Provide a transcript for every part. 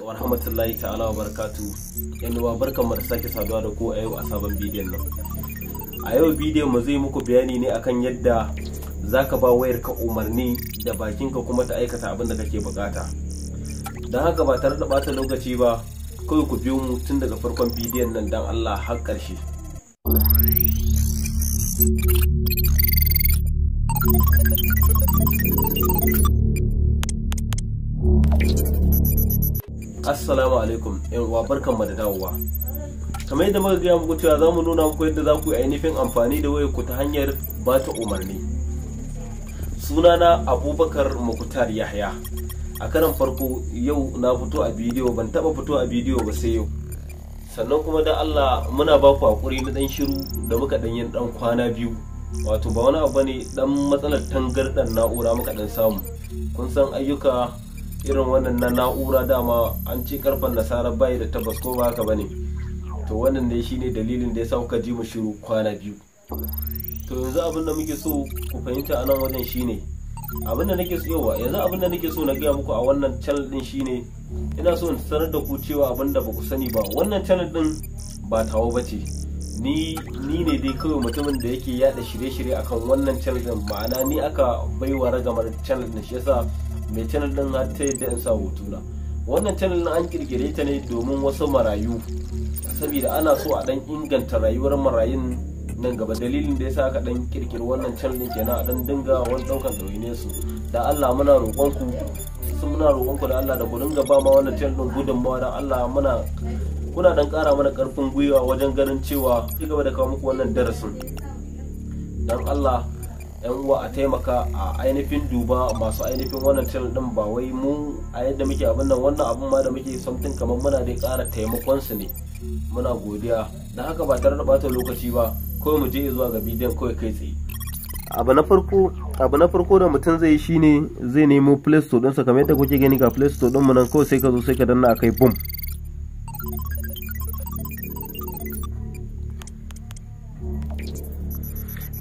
wa rahmatullahi ta'ala wa barakatu yan uwa barkan mu da sake saduwa da ku a yau a sabon bidiyon nan a yau bidiyon mu zai muku bayani ne akan yadda zaka ba wayar ka umarni da bakinka kuma ta aikata abin da kake bukata dan haka ba tare da bata lokaci ba kawai ku biyo mu tun daga farkon bidiyon nan dan Allah har ƙarshe. assalamu alaikum yan uwa mu da dawowa kamar yadda muka gaya muku cewa zamu nuna muku yadda za ku yi ainihin amfani da wayar ku ta hanyar ba ta umarni sunana abubakar mukutar yahya a karan farko yau na fito a bidiyo ban taba fito a bidiyo ba sai yau sannan kuma da Allah muna ba ku hakuri na dan shiru da muka dan yin dan kwana biyu wato ba wani abu ne dan matsalar tangardan na'ura muka ɗan samu kun san ayyuka irin wannan na na'ura dama an ce karfen nasara bai da tabbas ko ba haka bane to wannan ne shine dalilin da ya sa kuka ji mu shiru kwana biyu to yanzu abin da muke so ku fahimta a nan wajen shine abin da nake so yawa yanzu abin da nake so na gaya muku a wannan channel din shine ina so in sanar da ku cewa abin da ba ku sani ba wannan channel din ba tawo bace ni ni ne dai kawai mutumin da yake yada shirye-shirye akan wannan channel din ma'ana ni aka baiwa ragamar channel din shi yasa mai channel din na ta yadda in sa hotuna wannan channel an kirkire ta ne domin wasu marayu saboda ana so a dan inganta rayuwar marayun nan gaba dalilin da yasa aka dan kirkiri wannan channel din kenan a dan dinga wani daukan dawaine su da Allah muna roƙon ku sun muna roƙon ku da Allah da ku dinga ba ma wannan channel din gudunmawa da Allah muna kuna dan ƙara mana ƙarfin gwiwa wajen ganin cewa ci gaba da kawo muku wannan darasin dan Allah yan uwa a taimaka a ainihin duba masu ainihin wannan tel din ba wai mu a yadda muke abin nan wannan abin ma da muke something kamar muna dai ƙara taimakon su ne muna godiya da haka ba tare da bata lokaci ba kawai mu je zuwa ga bidiyon kawai kai tsaye abu na farko abu na farko da mutum zai yi ne zai nemo play store din sa kamar yadda kuke gani ga play store din mu nan kawai sai ka zo sai ka danna akai boom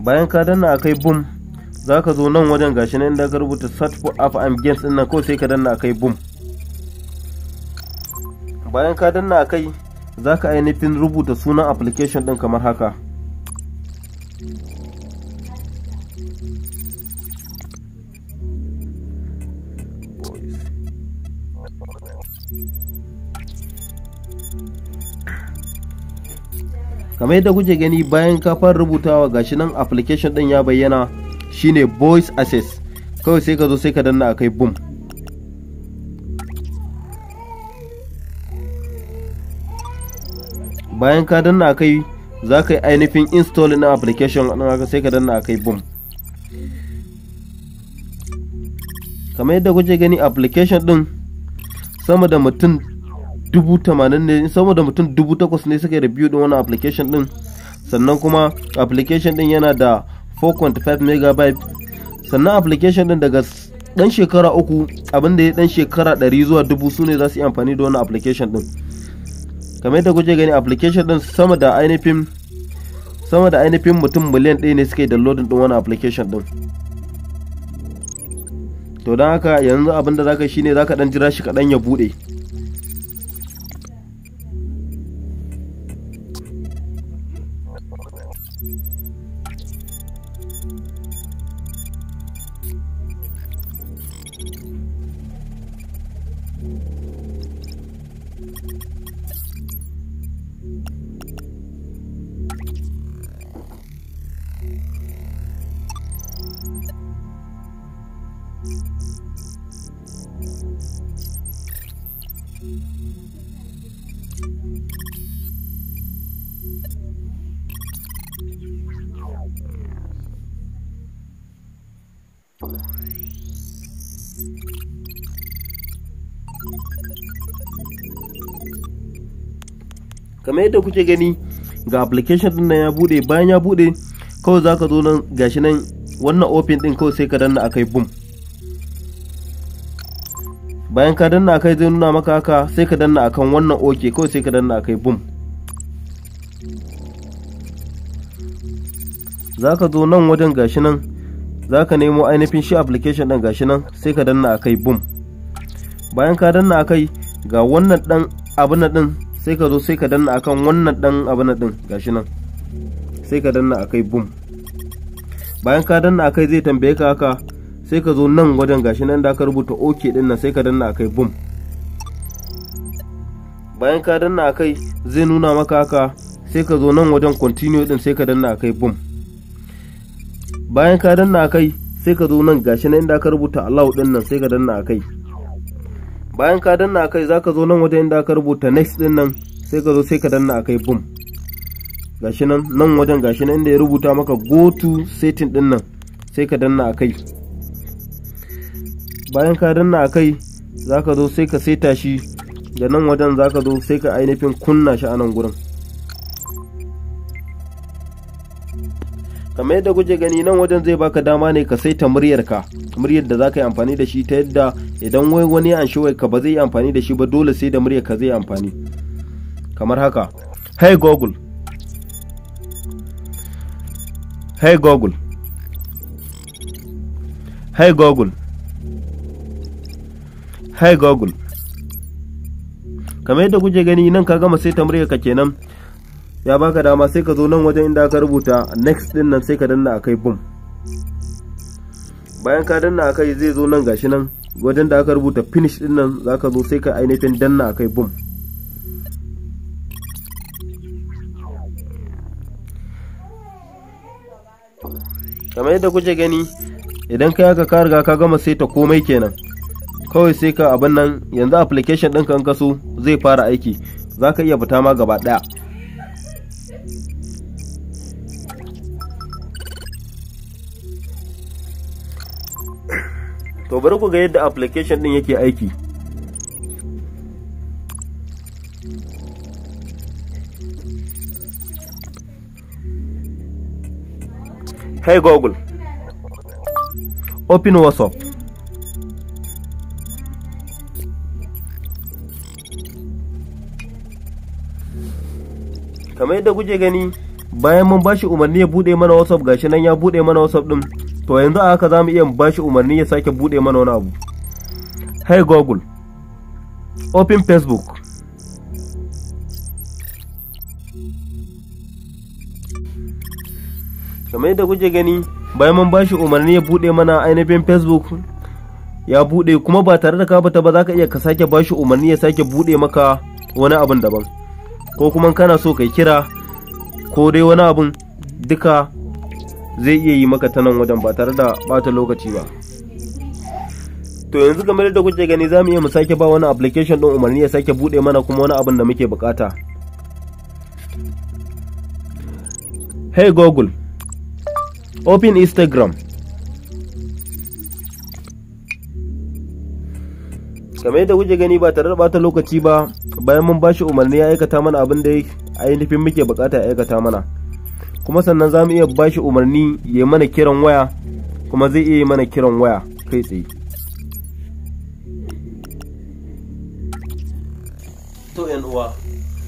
bayan ka danna akai boom za ka zo nan wajen gashi nan da ka rubuta search for app and games din nan ko sai ka danna akai boom bayan ka danna akai za ka ainihin rubuta sunan application din kamar haka kamar yadda kuke gani bayan ka fara rubutawa gashi nan application din ya bayyana shine voice access kawai sai ka zo sai ka danna akai boom bayan ka danna akai za ka yi ainihin install na application sai ka danna akai boom kamar yadda kuke gani application ɗin sama da mutum dubu tamanin ne sama da mutum dubu takwas ne suka review ɗin wannan application ɗin sannan kuma application ɗin yana da 4.5 megabyte sannan application din daga dan shekara uku abinda ya dan shekara 100 zuwa 1000 su ne za su yi amfani da wannan application din kamar yadda kuke gani application din sama da ainihin sama da ainihin mutum miliyan ɗaya ne suka yi downloading din wannan application din to don haka yanzu abinda zaka shine zaka dan jira shi kadan ya bude kamar yadda kuke gani ga application din nan ya bude bayan ya bude kawai zaka zo nan gashi nan wannan open din kawai sai ka danna akai boom bayan ka danna akai zai nuna maka haka sai ka danna akan wannan oke kawai sai ka danna akai boom za ka zo nan wajen gashi nan za ka nemo ainihin shi application ɗin gashi nan sai ka danna akai boom bayan ka danna akai ga wannan ɗan na ɗin sai ka zo sai ka danna akan wannan ɗan na ɗin gashi nan sai ka danna akai boom bayan ka danna akai zai tambaye ka haka sai ka zo nan wajen gashi nan da ka rubuta ok din nan sai ka danna akai boom bayan ka danna akai zai nuna maka haka sai ka zo nan wajen continue din sai ka danna akai boom bayan ka danna akai sai ka zo nan gashi nan inda ka rubuta allow din nan sai ka danna akai bayan ka danna akai zaka zo nan wajen inda ka rubuta next din nan sai ka zo sai ka danna akai boom gashi nan nan wajen gashi nan inda ya rubuta maka go to setting din nan sai ka danna akai bayan ka danna a kai za ka zo sai ka saita shi da nan wajen za ka zo sai ka ainihin kunna shi a nan gurin kamar yadda guje gani nan wajen zai baka dama ne ka saita muryarka muryar da za ka yi amfani da shi ta yadda idan wai wani ya anshi ka ba zai yi amfani da shi ba dole sai da muryarka zai amfani kamar haka hey google hey google hey google hi google kamar yadda kuke gani nan ka gama sai murya ka kenan ya baka dama sai ka zo nan wajen inda ka rubuta next din nan sai ka danna akai boom bayan ka danna akai zai zo nan gashi nan wajen da aka rubuta finish din nan zaka zo sai ka ainihin danna akai boom kamar yadda kuke gani idan kai aka ka riga ka gama sai ta komai kenan kawai sai ka abin nan yanzu application ɗin kan kaso zai fara aiki za ka iya fita ma gaba ɗaya to bari ku ga yadda application ɗin yake aiki Hey Google, open WhatsApp. kamar yadda kuke gani bayan mun bashi umarni ya bude mana whatsapp gashi nan ya bude mana whatsapp din to yanzu a haka za mu iya bashi umarni ya sake bude mana wani abu hey google open facebook kamar yadda kuke gani bayan mun bashi umarni ya bude mana ainihin facebook ya bude kuma ba tare da ka bata ba za ka iya ka sake bashi umarni ya sake bude maka wani abin daban ko kuma kana so kai kira ko dai wani abun duka zai iya yi maka ta nan wajen ba tare da bata lokaci ba to yanzu game da kuke gani za mu iya mu sake ba wani application ɗin umarni ya sake buɗe mana kuma wani abun da muke bukata hey google open instagram kamar yadda kuke gani ba tare da bata lokaci ba bayan mun bashi umarni ya aikata mana abin da ainihin muke bukata ya aikata mana kuma sannan za mu iya bashi umarni ya mana kiran waya kuma zai iya mana kiran waya kai tsaye to yan uwa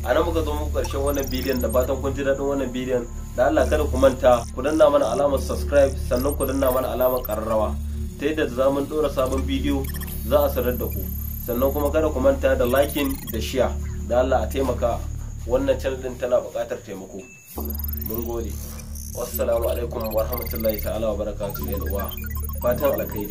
a nan muka zo muku karshen wannan bidiyon da fatan kun ji daɗin wannan bidiyon da Allah kada ku manta ku danna mana alamar subscribe sannan ku danna mana alamar ƙararrawa ta yadda za mu ɗora sabon bidiyo za a sanar da ku sannan kuma kada ku manta da lakin da shiya da Allah a taimaka wannan channel din tana buƙatar taimako mun gode wassalamu alaikum wa rahmatullahi ta'ala wa barakatuhu yan uwa fatan alkhairi